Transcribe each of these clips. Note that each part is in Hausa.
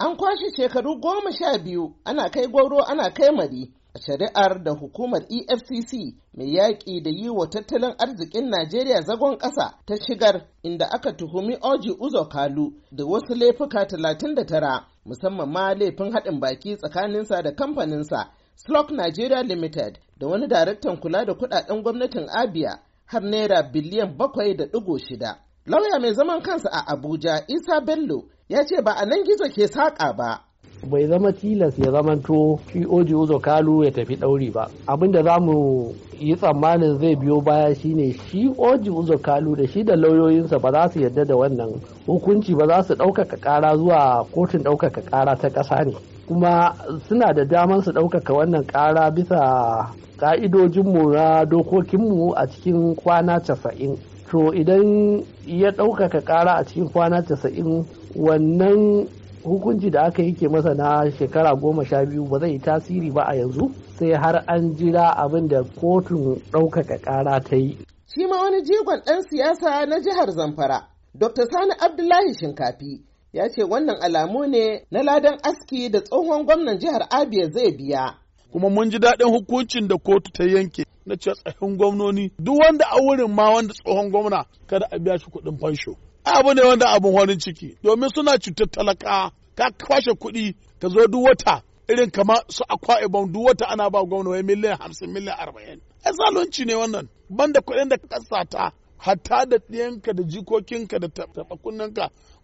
An kwashe shekaru goma sha biyu ana kai gwauro ana kai mari a shari'ar da hukumar EFCC mai yaƙi da yi wa tattalin arzikin Najeriya zagon ƙasa ta shigar inda aka tuhumi Oji Uzo Kalu da wasu laifuka 39 musamman ma laifin haɗin baki tsakaninsa da kamfaninsa Slok Nigeria Limited da wani daraktan kula da kuɗaɗen gwamnatin Abia har naira biliyan bakwai da ɗigo shida. Lauya mai zaman kansa a Abuja Isa Bello ya ce ba a nan gizo ke saƙa ba. bai zama tilas ya zamanto shi oji uzo kalu ya tafi ɗauri ba abinda za mu yi tsammanin zai biyo baya shine shi oji uzo kalu da shi da lauyoyinsa ba za su yarda da wannan hukunci ba za su ɗaukaka ƙara zuwa kotun ɗaukaka ƙara ta ƙasa ne kuma suna da damar su ɗaukaka wannan ƙara bisa ƙa'idojinmu na dokokinmu a cikin kwana casa'in to idan ya ɗaukaka ƙara a cikin kwana casa'in wannan hukunci da aka yi ke masa na shekara goma sha biyu ba zai yi tasiri ba a yanzu sai har an jira abin da kotun ɗaukaka ƙara ta yi. Shi ma wani jigon ɗan siyasa na jihar Zamfara, Dr. Sani Abdullahi Shinkafi, ya ce wannan alamu ne na ladan aski da tsohon gwamnan jihar Abia zai biya. Kuma mun ji daɗin hukuncin da kotu ta yanke na cewa gwamnoni duk wanda a wurin ma wanda tsohon gwamna kada a biya shi kuɗin fansho. abu ne wanda abun wani ciki domin suna cutar talaka ka kwashe kuɗi ka zo duwata irin kama su akwa ibon duk ana ba gwamna wai miliyan hamsin miliyan arba'in ai zalunci ne wannan banda kuɗin da ka ta, hatta da ɗiyanka da jikokinka da taɓa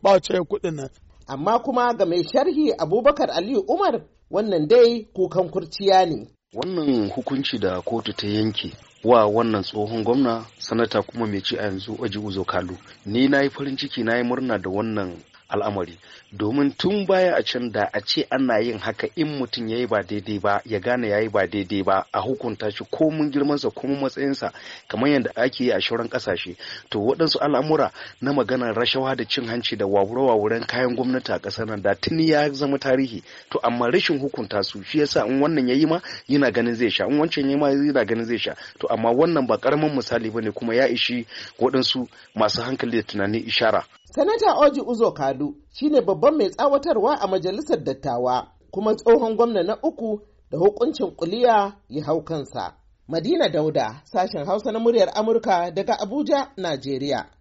ba wace kuɗin nan amma kuma ga mai sharhi abubakar aliyu umar wannan dai kukan kurciya ne wannan hukunci da kotu ta yanke wa wannan tsohon gwamna sanata kuma mai ci a yanzu Oji Uzo Kalu. Ni na yi farin ciki na yi murna da wannan al'amari domin tun baya a can da a ce ana yin haka in mutum ya yi ba daidai ba ya gane ya yi ba daidai ba a hukunta shi ko mun girmansa ko mun matsayinsa kamar yadda ake yi a shauran kasashe to waɗansu al'amura na maganar rashawa da cin hanci da wawure-wawuren kayan gwamnati a ƙasar nan da tuni ya zama tarihi to amma rashin hukunta su shi yasa in wannan ya yi ma yana ganin zai sha in wancan ya yi ma yana ganin zai sha to amma wannan ba ƙaramin misali ba ne kuma ya ishi waɗansu masu hankali da tunani ishara Sanata Oji Uzo Kalu shine babban mai tsawatarwa a majalisar dattawa kuma tsohon gwamna na uku da hukuncin kuliya ya hau kansa. Madina Dauda, sashen Hausa na muryar Amurka daga Abuja, Najeriya.